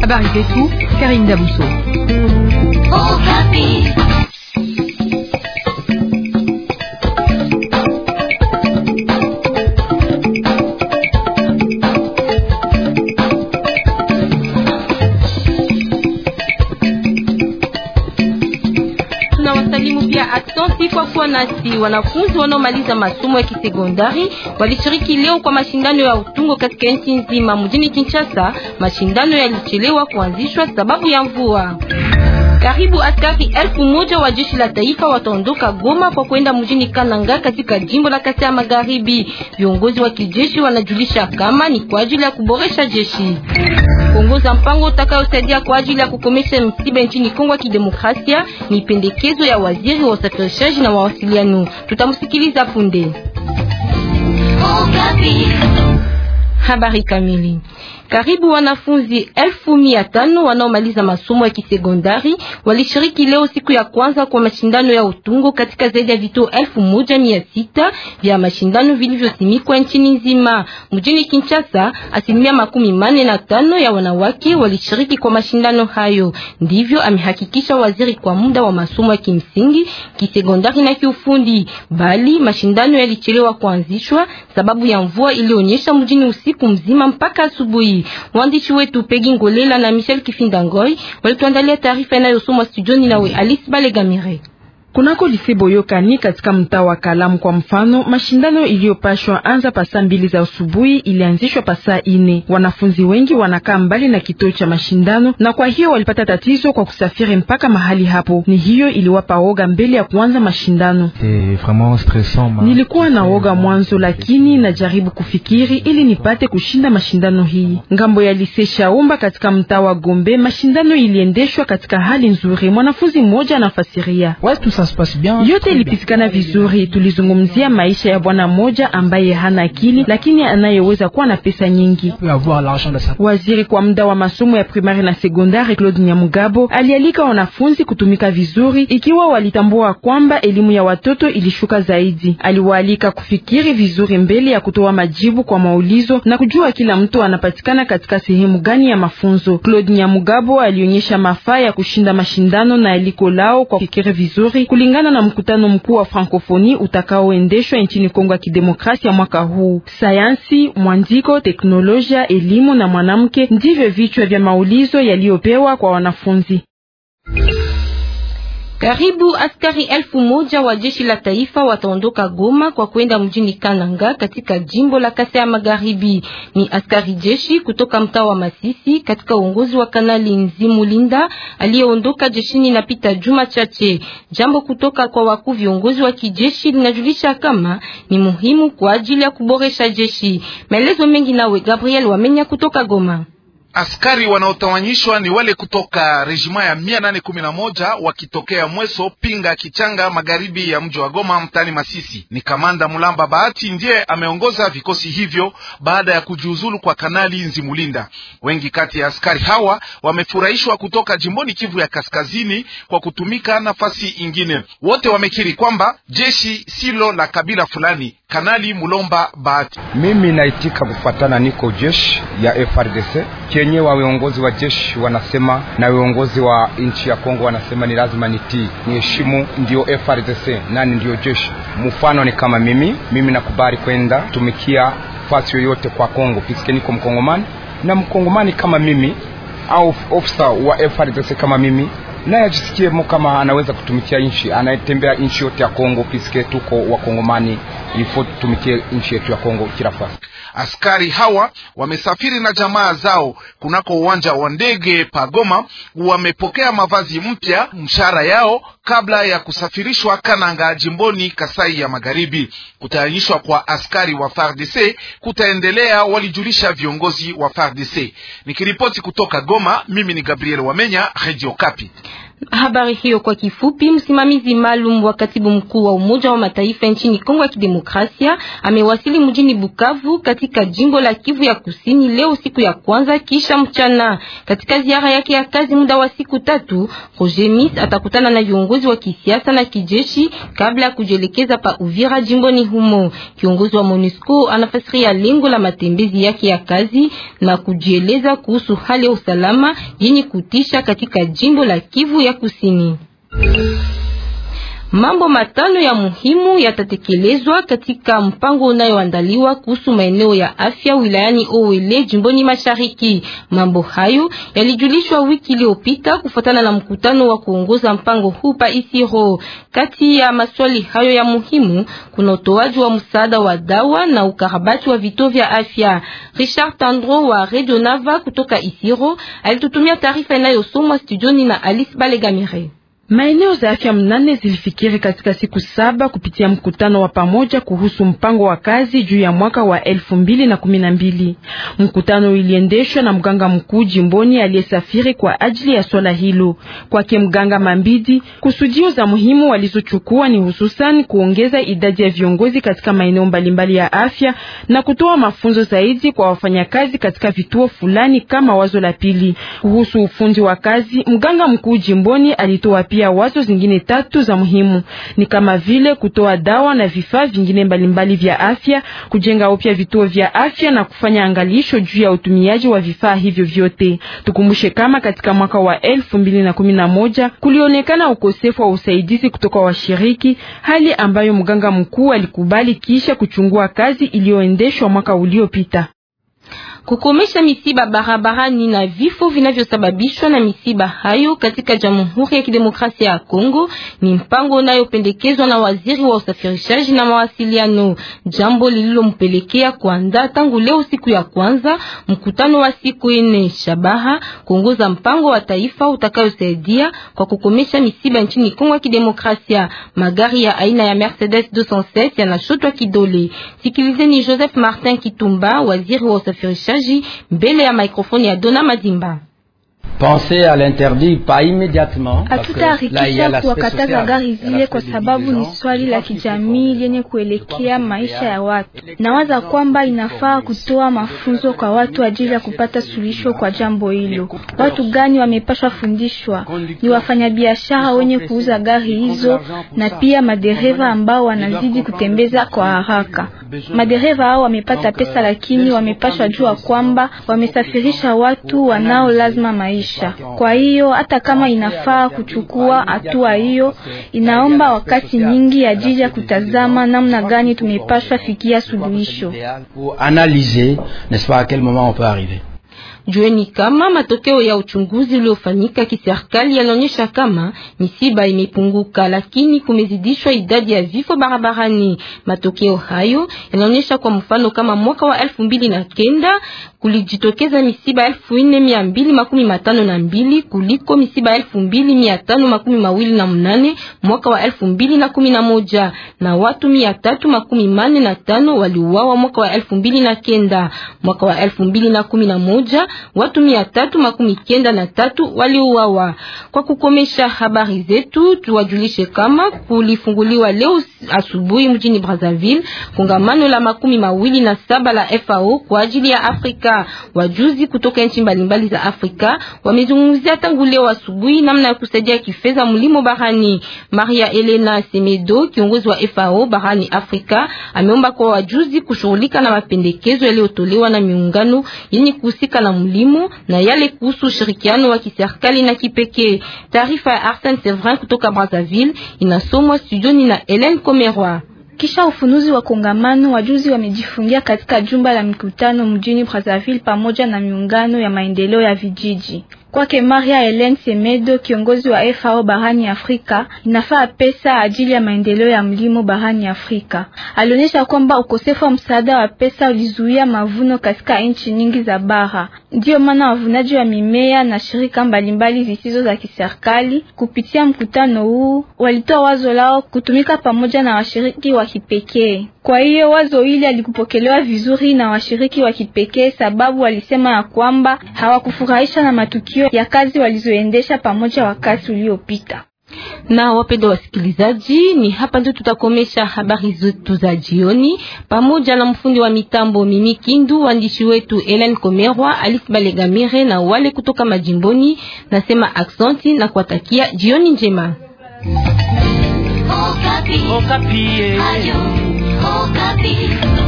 Habari Karine Dabousseau. aksanti kwa kuwa nasi. Wanafunzi wanaomaliza masomo ya kisekondari walishiriki leo kwa mashindano ya utungo katika nchi nzima. Mjini Kinshasa, mashindano yalichelewa kuanzishwa sababu ya mvua. Karibu askari elfu moja wa jeshi la taifa wataondoka Goma kwa kwenda mjini Kananga katika jimbo la Kasai Magharibi. Viongozi wa kijeshi wanajulisha kama ni kwa ajili ya kuboresha jeshi, kuongoza mpango utakayosaidia kwa ajili ya kukomesha msiba nchini Kongo ya Kidemokrasia. Ni pendekezo ya waziri wa usafirishaji na mawasiliano. Tutamsikiliza punde. Oh, Habari kamili karibu wanafunzi elfu mia tano wanaomaliza masomo ya kisekondari walishiriki leo siku ya kwanza kwa mashindano ya utungo katika zaidi ya vituo elfu moja mia sita vya mashindano vilivyosimikwa nchini nzima. Mjini Kinshasa, asilimia makumi mane na tano ya wanawake walishiriki kwa mashindano hayo, ndivyo amehakikisha waziri kwa muda wa masomo ya kimsingi, kisekondari na kiufundi, bali mashindano yalichelewa kuanzishwa sababu ya mvua ilionyesha mjini usiku mzima mpaka asubuhi hii. Waandishi wetu Pegi Ngolela na Michel Kifindangoi walituandalia taarifa inayosomwa studioni nawe Alice Balegamire. Kunako lise Boyokani katika mtaa wa Kalamu kwa mfano, mashindano iliyopashwa anza pasaa mbili za asubuhi ilianzishwa saa ine. Wanafunzi wengi wanakaa mbali na kituo cha mashindano, na kwa hiyo walipata tatizo kwa kusafiri mpaka mahali hapo. Ni hiyo iliwapa woga mbele ya kuanza mashindano. Eh, Nilikuwa na woga mwanzo, lakini najaribu kufikiri ili nipate kushinda mashindano hii. Ngambo ya lise Shaumba katika mtaa wa Gombe, mashindano iliendeshwa katika hali nzuri. Mwanafunzi mmoja anafasiria watu yote ilipitikana vizuri. Tulizungumzia maisha ya bwana mmoja ambaye hana akili lakini anayeweza kuwa na pesa nyingi. Waziri kwa muda wa masomo ya primari na sekondari Claude Nyamugabo alialika wanafunzi kutumika vizuri, ikiwa walitambua kwamba elimu ya watoto ilishuka zaidi. Aliwaalika kufikiri vizuri mbele ya kutoa majibu kwa maulizo na kujua kila mtu anapatikana katika sehemu gani ya mafunzo. Claude Nyamugabo alionyesha mafaa ya kushinda mashindano na aliko lao kwa kufikiri vizuri kulingana na mkutano mkuu wa Frankofoni utakaoendeshwa nchini Kongo ya Kidemokrasia mwaka huu. Sayansi, mwandiko, teknolojia, elimu na mwanamke ndivyo vichwa vya maulizo yaliyopewa kwa wanafunzi. Karibu askari elfu moja wa jeshi la taifa wataondoka Goma kwa kwenda mjini Kananga katika jimbo la Kasai Magharibi. Ni askari jeshi kutoka mtaa wa Masisi katika uongozi wa Kanali Linda aliyeondoka jeshini na pita juma chache. Jambo kutoka kwa wakuu viongozi wa kijeshi linajulisha kama ni muhimu kwa ajili ya kuboresha jeshi. Maelezo mengi nawe Gabriel Wamenya kutoka Goma. Askari wanaotawanyishwa ni wale kutoka rejima ya mia nane kumi na moja wakitokea Mweso Pinga Kichanga, magharibi ya mji wa Goma, mtani Masisi. Ni kamanda Mulamba Bahati ndiye ameongoza vikosi hivyo baada ya kujiuzulu kwa Kanali Nzimulinda. Wengi kati ya askari hawa wamefurahishwa kutoka jimboni Kivu ya Kaskazini kwa kutumika nafasi ingine. Wote wamekiri kwamba jeshi silo la kabila fulani. Kanali Mulomba Bahati: mimi naitika kufuatana, niko jeshi ya FRDC wenyewe wa viongozi wa jeshi wanasema na viongozi wa nchi ya Kongo wanasema ni lazima nitii, niheshimu, ndio FRDC nani ndiyo jeshi. Mfano ni kama mimi, mimi nakubali kwenda tumikia fasi yoyote kwa Kongo piske niko Mkongomani, na Mkongomani kama mimi au ofisa wa FRDC kama mimi naye mo kama anaweza kutumikia nchi, anayetembea nchi yote ya Kongo, piske tuko wakongomani ifo tutumikie nchi yetu ya Kongo kila fasi. Askari hawa wamesafiri na jamaa zao kunako uwanja wa ndege pa Goma, wamepokea mavazi mpya, mshahara yao kabla ya kusafirishwa Kananga jimboni Kasai ya Magharibi. Kutayanishwa kwa askari wa FARDC kutaendelea, walijulisha viongozi wa FARDC. Nikiripoti kutoka Goma, mimi ni Gabriel Wamenya, Radio Kapi. Habari hiyo kwa kifupi. Msimamizi maalum wa katibu mkuu wa Umoja wa Mataifa nchini Kongo ya Kidemokrasia amewasili mjini Bukavu katika jimbo la Kivu ya Kusini leo siku ya kwanza kisha mchana. Katika ziara yake ya kazi muda wa siku tatu, Roger Miss atakutana na viongozi wa kisiasa na kijeshi kabla ya kujielekeza pa Uvira jimboni humo. Kiongozi wa MONUSCO anafasiria lengo la matembezi yake ya kazi na kujieleza kuhusu hali ya usalama yenye kutisha katika jimbo la Kivu ya Kusini. Mambo matano ya muhimu yatatekelezwa katika mpango unayoandaliwa kuhusu maeneo ya afya wilayani Owele jimboni Mashariki. Mambo hayo yalijulishwa wiki iliyopita kufuatana na mkutano wa kuongoza mpango huu pa Isiro. Kati ya maswali hayo ya muhimu kuna utoaji wa msaada wa dawa na ukarabati wa vituo vya afya. Richard Tandro wa Radio Nava kutoka Isiro alitutumia taarifa inayosomwa studioni na Alice Balegamire. Maeneo za afya mnane zilifikiri katika siku saba kupitia mkutano wa pamoja kuhusu mpango wa kazi juu ya mwaka wa elfu mbili na kumi na mbili. Mkutano iliendeshwa na mganga mkuu jimboni aliyesafiri kwa ajili ya swala hilo. Kwake mganga Mambidi, kusudio za muhimu walizochukua ni hususan kuongeza idadi ya viongozi katika maeneo mbalimbali ya afya na kutoa mafunzo zaidi kwa wafanyakazi katika vituo fulani kama wazo la pili. Kuhusu ufundi wa kazi, mganga mkuu jimboni alitoa pia pia wazo zingine tatu za muhimu ni kama vile kutoa dawa na vifaa vingine mbalimbali vya afya, kujenga upya vituo vya afya na kufanya angalisho juu ya utumiaji wa vifaa hivyo vyote. Tukumbushe kama katika mwaka wa elfu mbili na kumi na moja kulionekana ukosefu wa usaidizi kutoka washiriki, hali ambayo mganga mkuu alikubali kisha kuchungua kazi iliyoendeshwa mwaka uliopita kukomesha misiba barabarani na vifo vinavyosababishwa na misiba hayo katika Jamhuri ya Kidemokrasia ya Kongo ni mpango unayopendekezwa na waziri wa usafirishaji na mawasiliano, jambo lililompelekea kuandaa tangu leo siku ya kwanza mkutano wa siku ine shabaha kuongoza mpango wa taifa utakayosaidia kwa kukomesha misiba nchini Kongo ya Kidemokrasia. Magari ya aina ya Mercedes 207 yanashotwa kidole. Sikilizeni Joseph Martin Kitumba, waziri wa usafirishaji mtangazaji mbele ya maikrofoni ya Dona Madimba. Hatutaharikisha kuwakataza gari zile kwa sababu ni swali la kijamii lenye kuelekea maisha ya watu. Nawaza kwamba inafaa kutoa mafunzo kwa watu ajili ya kupata suluhisho kwa jambo hilo. Watu gani wamepashwa fundishwa? Ni wafanyabiashara wenye kuuza gari hizo na pia madereva ambao wanazidi kutembeza kwa haraka. Madereva hao wamepata euh, pesa, lakini wamepashwa jua kwamba wamesafirisha watu wanao lazima maisha maisha. Kwa hiyo hata kama inafaa kuchukua hatua hiyo, inaomba wakati nyingi ya kutazama namna gani tumepashwa fikia suluhisho. Jueni kama matokeo ya uchunguzi uliofanyika kiserikali yanaonyesha kama misiba imepunguka, lakini kumezidishwa idadi ya vifo barabarani. Matokeo hayo yanaonyesha kwa mfano kama mwaka wa elfu mbili na kenda kulijitokeza misiba elfu nne mia mbili makumi matano na mbili kuliko misiba elfu mbili mia tano makumi mawili na mnane mwaka wa elfu mbili na kumi na moja na watu mia tatu makumi mane na tano waliuawa mwaka wa elfu mbili na kenda. Mwaka wa elfu mbili na kumi na moja watu mia tatu makumi kenda na tatu waliuawa. Kwa kukomesha habari zetu, tuwajulishe kama kulifunguliwa leo asubuhi mjini Brazzaville kongamano la makumi mawili na saba la FAO kwa ajili ya Afrika. Wajuzi kutoka nchi mbalimbali za Afrika wamezungumzia tangu leo asubuhi namna ya kusaidia kifedha mlimo barani. Maria Elena Semedo, kiongozi wa FAO barani Afrika, ameomba kwa wajuzi kushughulika na mapendekezo yaliyotolewa na miungano yenye kuhusika na mlimo na yale kuhusu ushirikiano wa kiserikali na kipekee. Taarifa ya Arsene Sevrin kutoka Brazzaville inasomwa studioni na Helen Komerwa. Kisha ufunuzi wa kongamano, wajuzi wamejifungia katika jumba la mikutano mjini Brazzaville pamoja na miungano ya maendeleo ya vijiji. Kwake Maria Helen Semedo, kiongozi wa FAO barani Afrika, inafaa pesa ajili ya maendeleo ya mlimo barani Afrika. Alionyesha kwamba ukosefu wa msaada wa pesa ulizuia mavuno katika nchi nyingi za bara. Ndiyo maana wavunaji wa mimea na shirika mbalimbali zisizo za kiserikali kupitia mkutano huu walitoa wazo lao kutumika pamoja na washiriki wa kipekee. Kwa hiyo wazo hili alikupokelewa vizuri na washiriki wa kipekee, sababu walisema ya kwamba hawakufurahisha na matukio majaribio ya kazi walizoendesha pamoja wakati uliopita. Na wapendwa wasikilizaji, ni hapa ndio tutakomesha habari zetu za jioni, pamoja na mfundi wa mitambo Mimi Kindu, waandishi wetu Ellen Komerwa, Alice Balegamire na wale kutoka majimboni. Nasema aksenti na kuwatakia jioni njema. Okapi. Okapi. Eh. Ayo, Okapi.